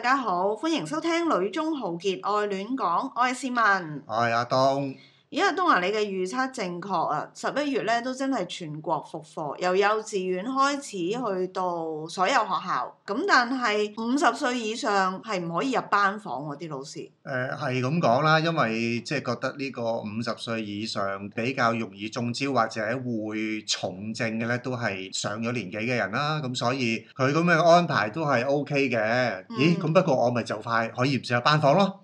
大家好，歡迎收聽《女中豪傑愛戀講》，我係倩雯，我係阿東。因為，哎、東華，你嘅預測正確啊！十一月咧都真係全國復課，由幼稚園開始去到所有學校。咁但係五十歲以上係唔可以入班房嗰，啊、啲老師。誒係咁講啦，因為即係覺得呢個五十歲以上比較容易中招或者會重症嘅咧，都係上咗年紀嘅人啦，啊。咁所以佢咁嘅安排都係 O K 嘅。咦？咁，嗯、不過我咪就快可以唔使入班房咯？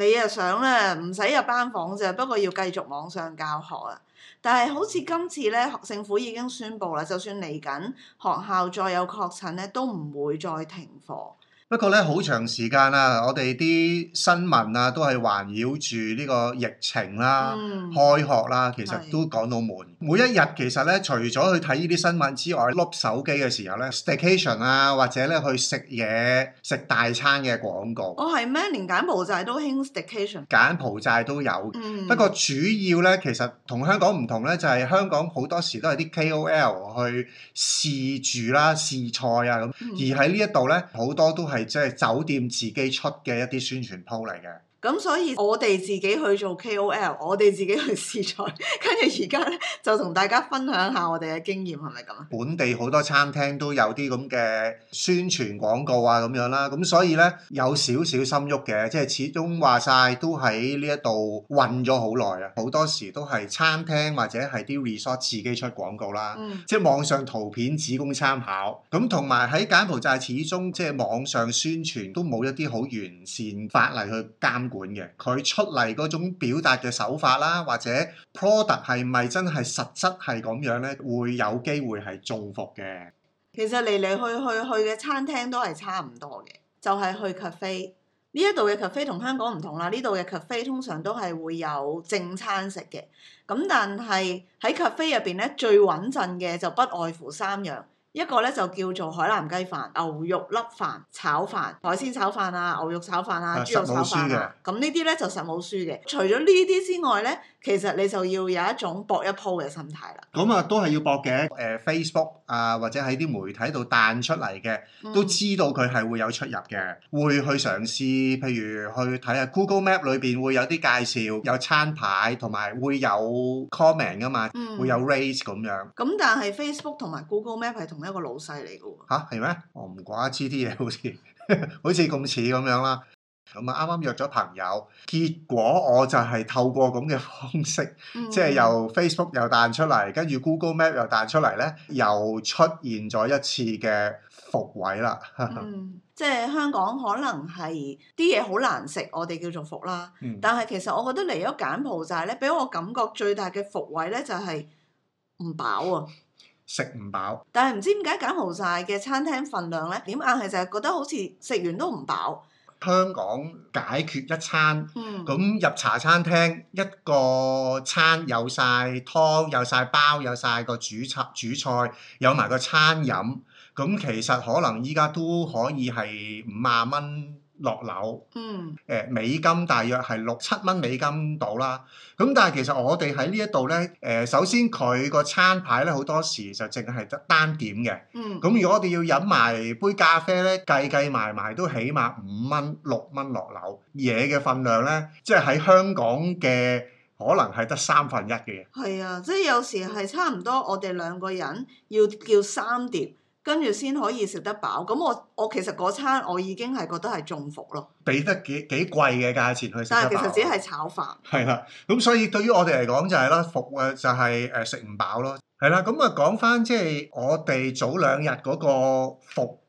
你又想咧，唔使入班房啫，不過要繼續網上教學啊。但係好似今次咧，學政府已經宣布啦，就算嚟緊學校再有確診呢，都唔會再停課。不過咧，好長時間啊！我哋啲新聞啊，都係環繞住呢個疫情啦、啊、嗯、開學啦、啊，其實都講到悶。嗯、每一日其實咧，除咗去睇呢啲新聞之外，碌手機嘅時候咧，Staycation 啊，或者咧去食嘢、食大餐嘅廣告。哦？係咩？連柬埔寨都興 Staycation？柬埔寨都有，嗯、不過主要咧，其實同香港唔同咧，就係、是、香港好多時都係啲 KOL 去試住啦、試菜啊咁，嗯、而喺呢一度咧，好多都係。即係酒店自己出嘅一啲宣傳鋪嚟嘅。咁所以我哋自己去做 KOL，我哋自己去試菜，跟住而家咧就同大家分享下我哋嘅經驗，係咪咁啊？本地好多餐廳都有啲咁嘅宣傳廣告啊，咁樣啦。咁所以咧有少少心喐嘅，即係始終話晒都喺呢一度混咗好耐啊。好多時都係餐廳或者係啲 resort 自己出廣告啦，嗯、即係網上圖片只供參考。咁同埋喺柬埔寨，始終即係網上宣傳都冇一啲好完善法例去監管嘅，佢出嚟嗰種表達嘅手法啦，或者 product 係咪真係實質係咁樣呢？會有機會係中伏嘅。其實嚟嚟去去去嘅餐廳都係差唔多嘅，就係去 cafe。呢一度嘅 cafe 同香港唔同啦，呢度嘅 cafe 通常都係會有正餐食嘅。咁但係喺 cafe 入邊咧，最穩陣嘅就不外乎三樣。一個咧就叫做海南雞飯、牛肉粒飯、炒飯、海鮮炒飯啊、牛肉炒飯啊、啊豬肉炒飯啊。咁、嗯、呢啲咧就實冇輸嘅。除咗呢啲之外咧，其實你就要有一種搏一鋪嘅心態啦。咁啊、嗯，嗯、都係要搏嘅。誒、呃、Facebook 啊，或者喺啲媒體度彈出嚟嘅，都知道佢係會有出入嘅，會去嘗試。譬如去睇下 Google Map 裏邊會有啲介紹，有餐牌同埋會有 comment 噶嘛，嗯、會有 raise 咁樣。咁、嗯、但係 Facebook 同埋 Google Map 係同。一個老細嚟噶喎嚇，係咩？我唔怪知啲嘢，好似好似咁似咁樣啦。咁啊，啱啱 約咗朋友，結果我就係透過咁嘅方式，嗯、即係由 Facebook 又彈出嚟，跟住 Google Map 又彈出嚟咧，又出現咗一次嘅伏位啦、 嗯。即係香港可能係啲嘢好難食，我哋叫做伏啦。嗯、但係其實我覺得嚟咗柬埔寨咧，俾我感覺最大嘅伏位咧，就係唔飽啊。食唔飽，但係唔知點解減好晒嘅餐廳份量呢？點硬係就係覺得好似食完都唔飽。香港解決一餐，咁、嗯、入茶餐廳一個餐有晒湯、有晒包、有晒個主菜、主菜有埋個餐飲，咁其實可能依家都可以係五啊蚊。落樓，誒、嗯呃、美金大約係六七蚊美金到啦。咁、嗯、但係其實我哋喺呢一度咧，誒、呃、首先佢個餐牌咧好多時就淨係得單點嘅。咁、嗯嗯、如果我哋要飲埋杯咖啡咧，計計埋埋都起碼五蚊六蚊落樓嘢嘅份量咧，即係喺香港嘅可能係得三分一嘅嘢。係啊，即係有時係差唔多，我哋兩個人要叫三碟。跟住先可以食得飽，咁我我其實嗰餐我已經係覺得係中伏咯，俾得幾幾貴嘅價錢去食。但係其實只係炒飯。係啦，咁所以對於我哋嚟講就係、是、啦，伏就係誒食唔飽咯。係啦，咁啊講翻即係我哋早兩日個伏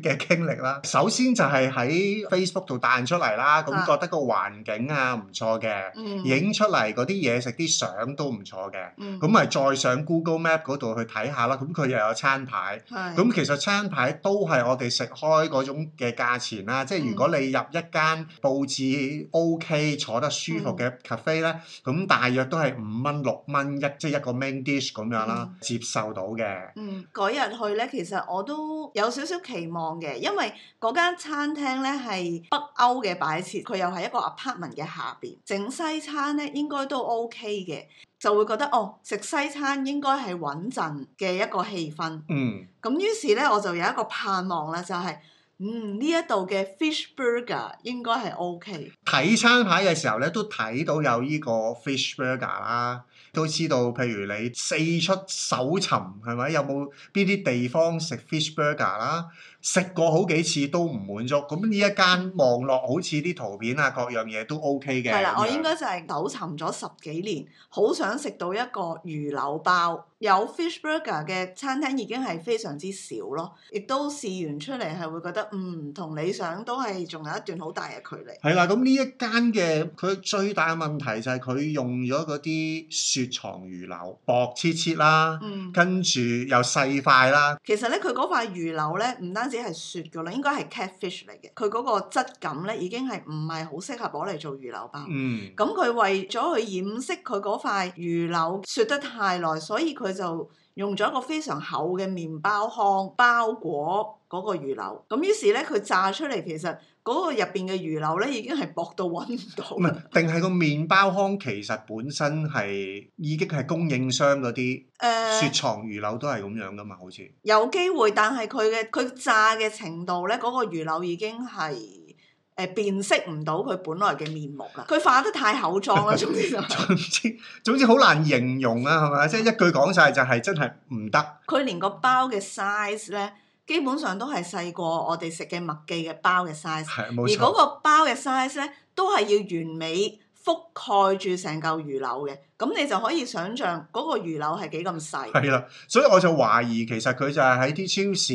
嘅經歷啦。首先就係喺 Facebook 度彈出嚟啦，咁的覺得個環境啊唔錯嘅，影、嗯、出嚟啲嘢食啲相都唔錯嘅。咁咪、嗯、再上 Google Map 度去睇下啦，咁佢又有餐牌。咁的其實餐牌都係我哋食開種嘅價錢啦。的即係如果你入一間布置 OK、坐得舒服嘅 cafe 咧，咁、嗯、大約都係五蚊六蚊一，即、就、係、是、一個 main dish 咁樣啦。嗯、接受到嘅，嗯，嗰日去呢，其實我都有少少期望嘅，因為嗰間餐廳呢係北歐嘅擺設，佢又係一個 apartment 嘅下邊整西餐呢，應該都 OK 嘅，就會覺得哦，食西餐應該係穩陣嘅一個氣氛，嗯，咁於、嗯、是呢，我就有一個盼望喇，就係、是。嗯，呢一度嘅 fish burger 應該係 OK。睇餐牌嘅時候咧，都睇到有呢個 fish burger 啦，都知道譬如你四出搜尋係咪，有冇邊啲地方食 fish burger 啦？食過好幾次都唔滿足，咁呢一間望落好似啲圖片啊，各樣嘢都 OK 嘅。係啦，我應該就係搜尋咗十幾年，好想食到一個魚柳包，有 fish burger 嘅餐廳已經係非常之少咯，亦都試完出嚟係會覺得，嗯，同理想都係仲有一段好大嘅距離。係啦，咁呢一間嘅佢最大嘅問題就係佢用咗嗰啲雪藏魚柳，薄切切啦，嗯、跟住又細塊啦。其實呢，佢嗰塊魚柳呢唔單只係雪噶啦，應該係 catfish 嚟嘅。佢嗰個質感咧，已經係唔係好適合攞嚟做魚柳包。咁佢、嗯、為咗去掩飾佢嗰塊魚柳雪得太耐，所以佢就用咗一個非常厚嘅麵包糠包裹嗰個魚柳。咁於是咧，佢炸出嚟其實。嗰個入邊嘅魚柳咧，已經係薄到揾唔到。唔係，定係個麵包糠其實本身係已經係供應商嗰啲雪藏魚柳都係咁樣噶嘛，好似、呃、有機會，但係佢嘅佢炸嘅程度咧，嗰、那個魚柳已經係誒辨識唔到佢本來嘅面目啦。佢化得太厚妝啦，總之、就是、 總之總之好難形容啊，係咪？即、就、係、是、一句講晒就係真係唔得。佢連個包嘅 size 咧。基本上都係細過我哋食嘅麥記嘅包嘅 size，啊、而嗰個包嘅 size 呢都係要完美覆蓋住成嚿魚柳嘅，咁你就可以想象嗰個魚柳係幾咁細。係啦、啊，所以我就懷疑其實佢就係喺啲超市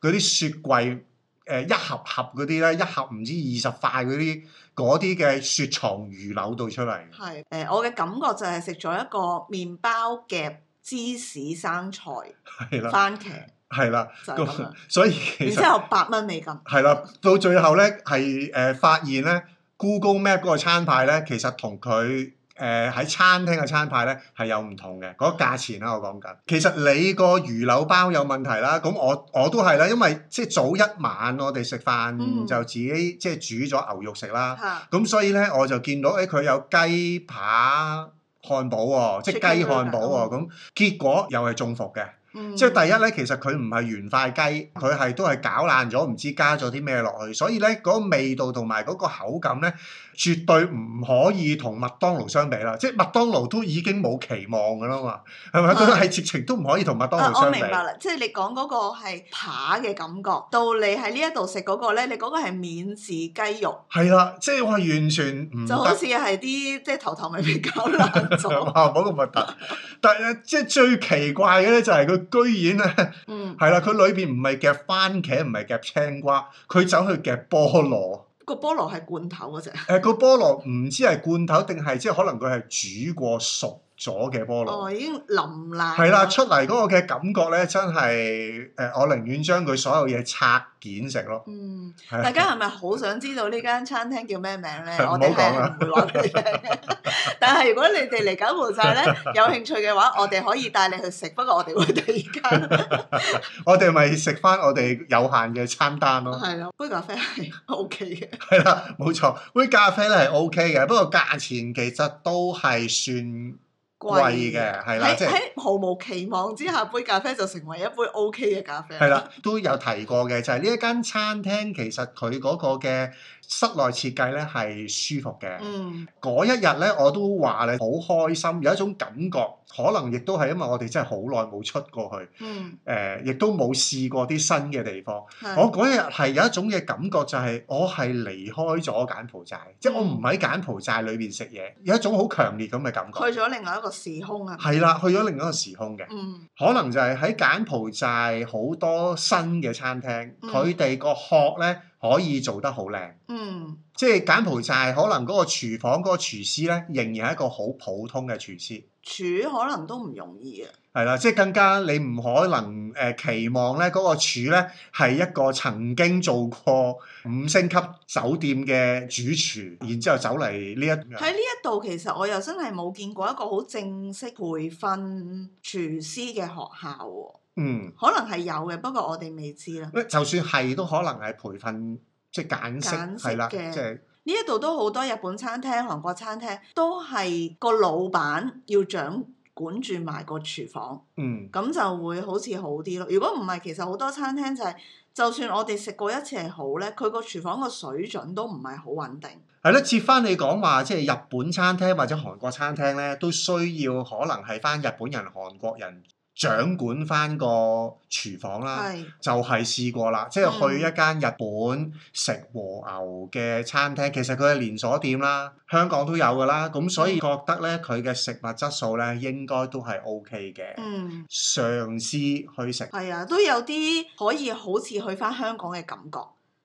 嗰啲雪櫃誒、呃、一盒盒嗰啲呢，一盒唔知二十塊嗰啲啲嘅雪藏魚柳度出嚟。係、啊、我嘅感覺就係食咗一個麵包夾芝士生菜、啊、番茄。係啦，咁所以其實之後八蚊美金，係啦，到最後咧係誒發現咧，Google Map 嗰個餐牌咧，其實同佢誒喺餐廳嘅餐牌咧係有唔同嘅嗰個價錢啦、啊。我講緊，其實你個魚柳包有問題啦，咁我我都係啦，因為即係早一晚我哋食飯就自己即係煮咗牛肉食啦，咁的所以咧我就見到誒佢、哎、有雞扒、漢堡喎、哦，即係雞漢堡喎，咁結果又係中伏嘅。嗯、即係第一咧，其實佢唔係原塊雞，佢係都係搞爛咗，唔知加咗啲咩落去，所以咧嗰、嗰個味道同埋嗰個口感咧，絕對唔可以同麥當勞相比啦。即係麥當勞都已經冇期望噶啦嘛，係咪？佢係直情都唔可以同麥當勞相、啊、我明白啦，即係你講嗰個係扒嘅感覺，到你喺呢一度食嗰個咧，你嗰個係免治雞肉。係啦，即係話完全唔得。就好似係啲即係頭頭咪尾搞爛咗。唔冇咁核突，但係即係最奇怪嘅咧，就係佢。居然咧，係啦、嗯，佢裏邊唔係夾番茄，唔係夾青瓜，佢走去夾菠蘿。個、嗯、菠蘿係罐頭嗰隻？誒、呃，個菠蘿唔知係罐頭定係即係可能佢係煮過熟。咗嘅菠蘿、哦，已經腍啦。係啦、啊，出嚟嗰個嘅感覺咧，真係誒、呃，我寧願將佢所有嘢拆件食咯。嗯， 大家係咪好想知道呢間餐廳叫咩名咧？我哋係唔會攞 但係如果你哋嚟柬埔寨咧，有興趣嘅話，我哋可以帶你去食。不過我哋會第二間， 我哋咪食返我哋有限嘅餐單咯。係咯、啊，杯咖啡係 OK 嘅。係啦 啊，冇錯，杯咖啡咧係 OK 嘅，不過價錢其實都係算，貴嘅，係啦，即係，喺毫無期望之下，杯咖啡就成為一杯 OK 嘅咖啡。係啦，都有提過嘅，就係、是、呢一間餐廳其實佢嗰個嘅，室內設計咧係舒服嘅，嗰一日咧我都話你好開心，有一種感覺，可能亦都係因為我哋真係好耐冇出過去，誒，亦都冇試過啲新嘅地方。我嗰日係有一種嘅感覺，就係我係離開咗柬埔寨，即係我唔喺柬埔寨裏邊食嘢，有一種好強烈咁嘅感覺。去咗另外一個時空啊！係啦，去咗另外一個時空嘅，可能就係喺柬埔寨好多新嘅餐廳，佢哋個殼咧。可以做得好靚，嗯，即係柬埔寨可能嗰個廚房嗰個廚師咧，仍然係一個好普通嘅廚師。廚可能都唔容易嘅。係啦，即係更加你唔可能、呃、期望呢嗰、嗰個廚咧係一個曾經做過五星級酒店嘅主廚，然之後走嚟呢一，喺呢一度其實我又真係冇見過一個好正式培訓廚師嘅學校喎、哦。嗯，可能係有嘅，不過我哋未知啦。就算係都可能係培訓，即係柬式係啦，即係呢一度都好多日本餐廳、韓國餐廳，都係個老闆要掌管住埋個廚房。嗯，咁就會好似好啲咯。如果唔係，其實好多餐廳就係、是，就算我哋食過一次係好呢，佢個廚房個水準都唔係好穩定。係咯，接翻你講話，即、就、係、是、日本餐廳或者韓國餐廳呢，都需要可能係翻日本人、韓國人，掌管翻個廚房啦，是就係試過啦，即係去一間日本食和牛嘅餐廳，嗯、其實佢係連鎖店啦，香港都有㗎啦，咁、嗯、所以覺得呢，佢嘅食物質素呢，應該都係 OK 嘅，嘗試、嗯、去食係啊，都有啲可以好似去翻香港嘅感覺，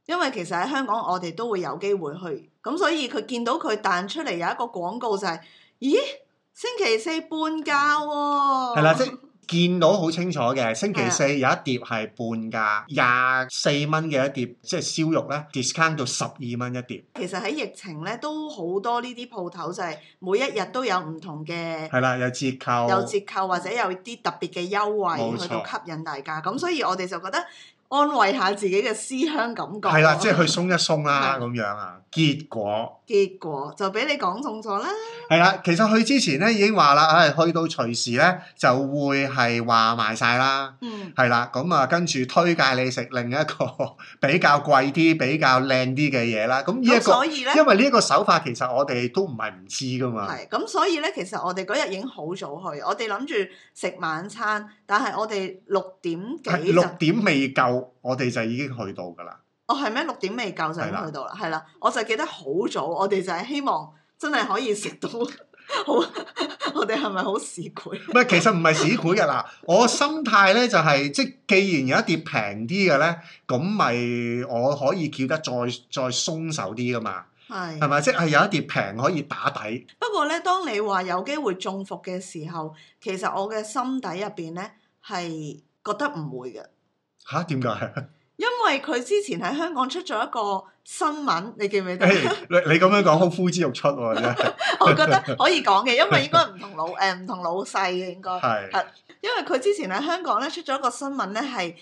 因為其實喺香港我哋都會有機會去，咁所以佢見到佢彈出嚟有一個廣告就係、是，咦，星期四半價喎、哦，啦、啊，即。 見到好清楚嘅，星期四有一碟係半價，廿四蚊嘅一碟，即係燒肉咧，discount 到十二蚊一碟。其實喺疫情咧，都好多呢啲鋪頭就係每一日都有唔同嘅，係啦，有折扣，有折扣或者有啲特別嘅優惠去到吸引大家。咁冇錯。所以我哋就覺得。安慰下自己嘅思鄉感覺。係啦，即係去鬆一鬆啦，咁樣啊。結果、嗯、結果就俾你講中咗啦。係啦，其實去之前咧已經話啦，唉、哎，去到隨時咧就會係話賣晒啦。嗯。係啦，咁啊跟住推介你食另一個比較貴啲、比較靚啲嘅嘢啦。咁呢一個，嗯、所以因為呢一個手法其實我哋都唔係唔知噶嘛。係。咁所以咧，其實我哋嗰日已經好早去，我哋諗住食晚餐，但係我哋六點幾六點未夠。我哋就已經去到噶啦，我係咩？六點未夠的就已經去到啦？係啦，我就記得好早，我哋就係希望真係可以食到，好， 我哋係咪好市儈？唔係，其實唔係市儈嘅嗱， 我心態咧就係、是，即既然有一碟平啲嘅咧，咁咪我可以叫得再再鬆手啲噶嘛？係係咪？即係、就是、有一碟平可以打底。不過咧，當你話有機會中伏嘅時候，其實我嘅心底入邊咧係覺得唔會嘅。嚇，點解？為因為佢之前喺香港出咗一個新聞，你記唔記得？Hey, 你，你咁樣講好呼之欲出喎，真係， 我覺得可以講嘅，因為應該唔同老誒唔、 欸、同老細嘅應該係， 因為佢之前喺香港咧出咗一個新聞咧，係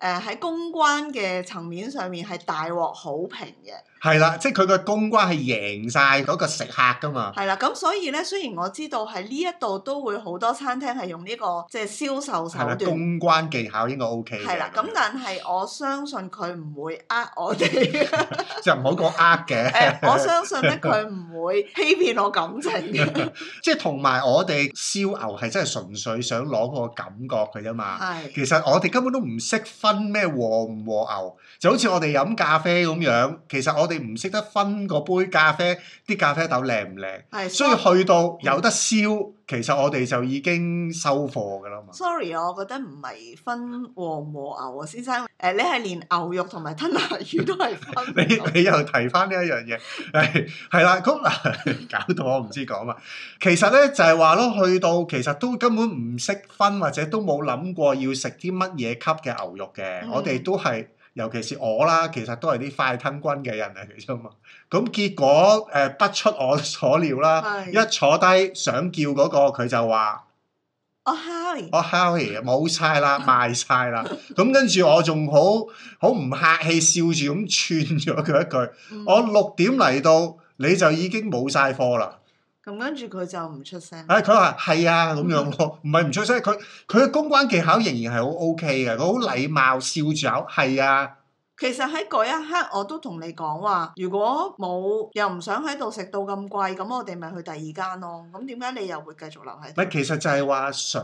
誒喺公關嘅層面上面係大獲好評嘅。係啦，即係佢個公關係贏晒嗰個食客噶嘛。係啦，咁所以呢，雖然我知道喺呢一度都會好多餐廳係用呢、這個即係銷售手段。公關技巧應該 O、OK、K 的。係啦的，咁但係我相信佢唔會呃我哋。 就唔好講呃嘅。我相信咧，佢唔會欺騙我感情嘅。 即係同埋我哋燒牛係真係純粹想攞個感覺嘅啫嘛。的其實我哋根本都唔識分咩和唔和牛，就好似我哋飲咖啡咁樣。其實我。我哋唔識得分個杯咖啡啲咖啡豆靚唔靚，所以，所以去到有得燒，嗯、其實我哋就已經收貨噶啦嘛。Sorry，我覺得唔係分黃和，和牛啊，先生。誒、呃，你係連牛肉同埋吞拿魚都係分？ 你你又提翻呢一樣嘢？係係 啦，咁 搞到我唔知講嘛。其實咧就係話咯，去到其實都根本唔識分，或者都冇諗過要食啲乜嘢級嘅牛肉嘅。嗯、我哋都係。尤其是我啦，其實都係啲快吞軍嘅人嚟嘅啫嘛。咁、嗯、結果誒、呃、不出我所料啦，的一坐低想叫嗰、嗰個佢就話：我 hello，我 hello 冇晒啦，賣晒啦。咁跟住我仲好好唔客氣，笑住咁串咗佢一句：mm. 我六點嚟到你就已經冇晒貨啦。咁跟住佢就唔出聲。誒，佢話係啊咁樣咯，唔係唔出聲。佢佢嘅公關技巧仍然係好 OK 嘅，佢好禮貌，笑住口，係啊。其實喺嗰一刻，我都同你講話，如果冇又唔想喺度食到咁貴，咁我哋咪去第二間咯。咁點解你又會繼續留喺度？唔係，其實就係話想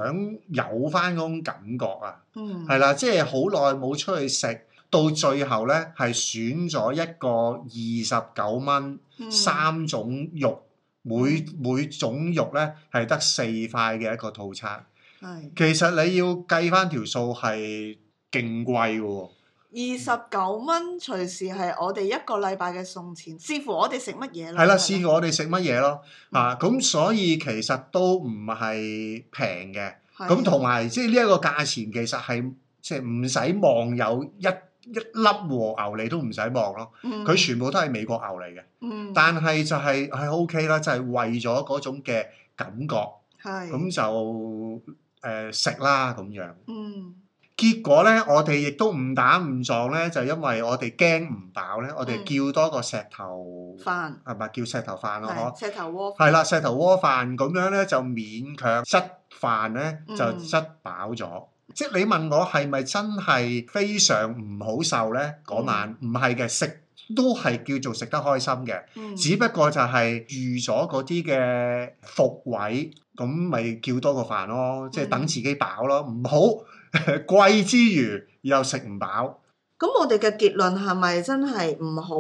有返嗰種感覺啊。嗯。係啦，即係好耐冇出去食，到最後呢係選咗一個二十九蚊三種肉。每每種肉咧係得四塊嘅一個套餐，係的其實你要計返條數係勁貴喎，二十九蚊隨時係我哋一個禮拜嘅餸錢，視乎我哋食乜嘢咯。係啦、嗯，視乎我哋食乜嘢咯。嗱咁所以其實都唔係平嘅，咁同埋即係呢一個價錢其實係即係唔使望有一。一粒和牛脷都唔使望咯，佢、嗯、全部都係美國牛脷嘅，嗯、但係就係、是、係 OK 啦，就係、是、為咗嗰種嘅感覺，咁是就誒食、呃、啦咁樣。嗯、結果呢，我哋亦都誤打誤撞呢，就因為我哋驚唔飽呢，我哋叫多個石頭飯，係咪、嗯、叫石頭飯咯？石頭鍋飯係啦，石頭鍋飯咁樣呢，就勉強塞飯呢，就塞飽咗。嗯即係你問我係咪真係非常唔好受呢？嗰晚唔係嘅，食都係叫做食得開心嘅，嗯、只不過就係預咗嗰啲嘅伏位，咁咪叫多個飯咯，即係等自己飽咯，唔、嗯、唔好 貴之餘又食唔飽。咁、嗯、我哋嘅結論係咪真係唔好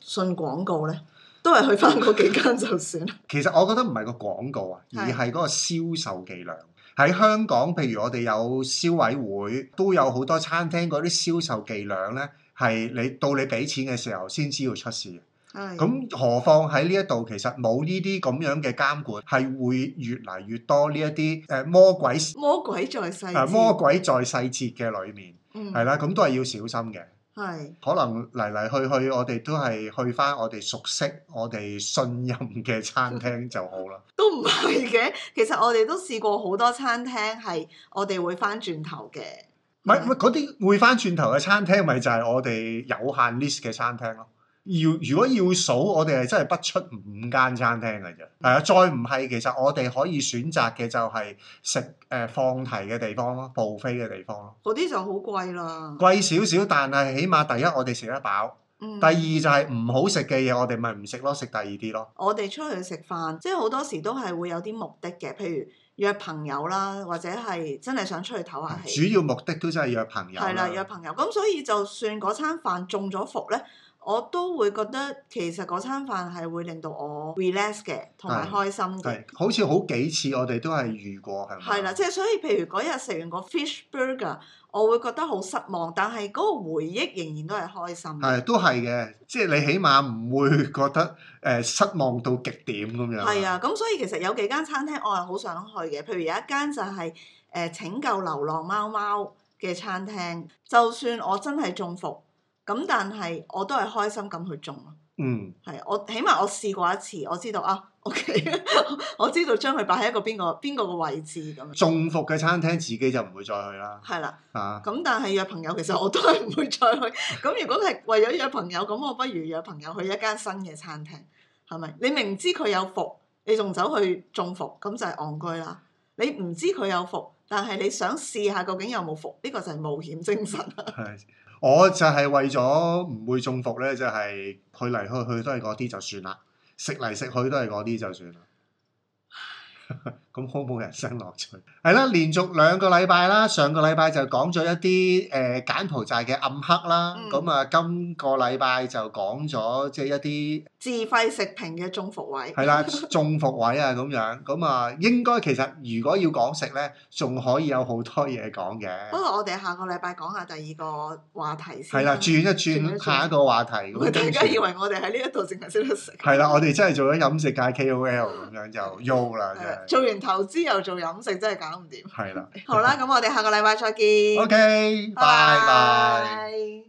信廣告呢？都係去翻嗰幾間就算。 其實我覺得唔係個廣告啊，而係嗰個銷售伎倆。喺香港，譬如我哋有消委會，都有好多餐廳嗰啲銷售伎倆咧，係你到你俾錢嘅時候先知要出事。咁是何況喺呢一度，其實冇呢啲咁樣嘅監管，係會越嚟越多呢一啲誒魔鬼魔鬼在細，呃、魔鬼在細節嘅裏面，係啦，嗯，咁都係要小心嘅。係，是可能嚟嚟去去，我哋都係去翻我哋熟悉、我哋信任嘅餐廳就好啦。 都唔係嘅，其實我哋都試過好多餐廳係我哋會翻轉頭嘅。唔係唔係，嗰啲會翻轉頭嘅餐廳，咪就係我哋有限 list 嘅餐廳咯。要如果要數，我哋係真係不出五間餐廳嘅啫。係啊，再唔係其實我哋可以選擇嘅就係食誒、呃、放題嘅地方咯 buffet 嘅地方咯。嗰啲就好貴啦。嗯、貴少少，但係起碼第一我哋食得飽。嗯、第二就係唔好食嘅嘢，嗯、我哋咪唔食咯，食第二啲咯。我哋出去食飯，即係好多時都係會有啲目的嘅，譬如約朋友啦，或者係真係想出去唞下氣。嗯、主要目的都真係約朋友。係啦、嗯，約朋友。咁所以就算嗰餐飯中咗伏咧。我都會覺得其實嗰餐飯係會令到我 relax 嘅，同埋開心嘅。好似好幾次我哋都係遇過，係。係啦，即係所以，譬如嗰日食完個 fish burger，我會覺得好失望，但係嗰個回憶仍然都係開心。係，都係嘅，即係你起碼唔會覺得誒、呃、失望到極點咁樣。係啊，咁所以其實有幾間餐廳我係好想去嘅，譬如有一間就係、是、誒、呃、拯救流浪貓貓嘅餐廳，就算我真係中伏，咁但係我都係開心咁去種咯，嗯，係我起碼我試過一次，我知道啊，OK， 我知道將佢擺喺一個邊個邊個嘅位置咁樣。中伏嘅餐廳自己就唔會再去啦，係啦，啊，咁但係約朋友其實我都係唔會再去。咁 如果係為咗約朋友，咁我不如約朋友去一間新嘅餐廳，係咪？你明知佢有伏，你仲走去中伏，咁就係戇居啦。你唔知佢有伏，但係你想試下究竟有冇伏？呢、呢個就係冒險精神啦。我就係為咗唔會中伏呢就係、係、去嚟去去都係嗰啲就算啦，食嚟食去都係嗰啲就算啦。咁好冇人生樂趣，係對啦，連續兩個禮拜啦，上個禮拜就講咗一啲誒簡蒲寨柬埔寨嘅暗黑啦、 嗯，咁啊，今個禮拜就講咗即係一啲自費食評嘅中伏位， 係啦，中伏位啊咁樣，咁 啊、嗯，應該其實如果要講食咧，仲可以有好多嘢講嘅。不過我哋下個禮拜講下第二個話題先，係啦，轉一轉，轉，一轉下一個話題。我哋大家以為我哋喺呢一度淨係識得食。係啦，我哋真係做咗飲食界 K O L 咁樣就。喐 啦。是做完投資又做飲食，真係搞唔掂。係啦。好啦，咁 我哋下個禮拜再見。OK，bye bye。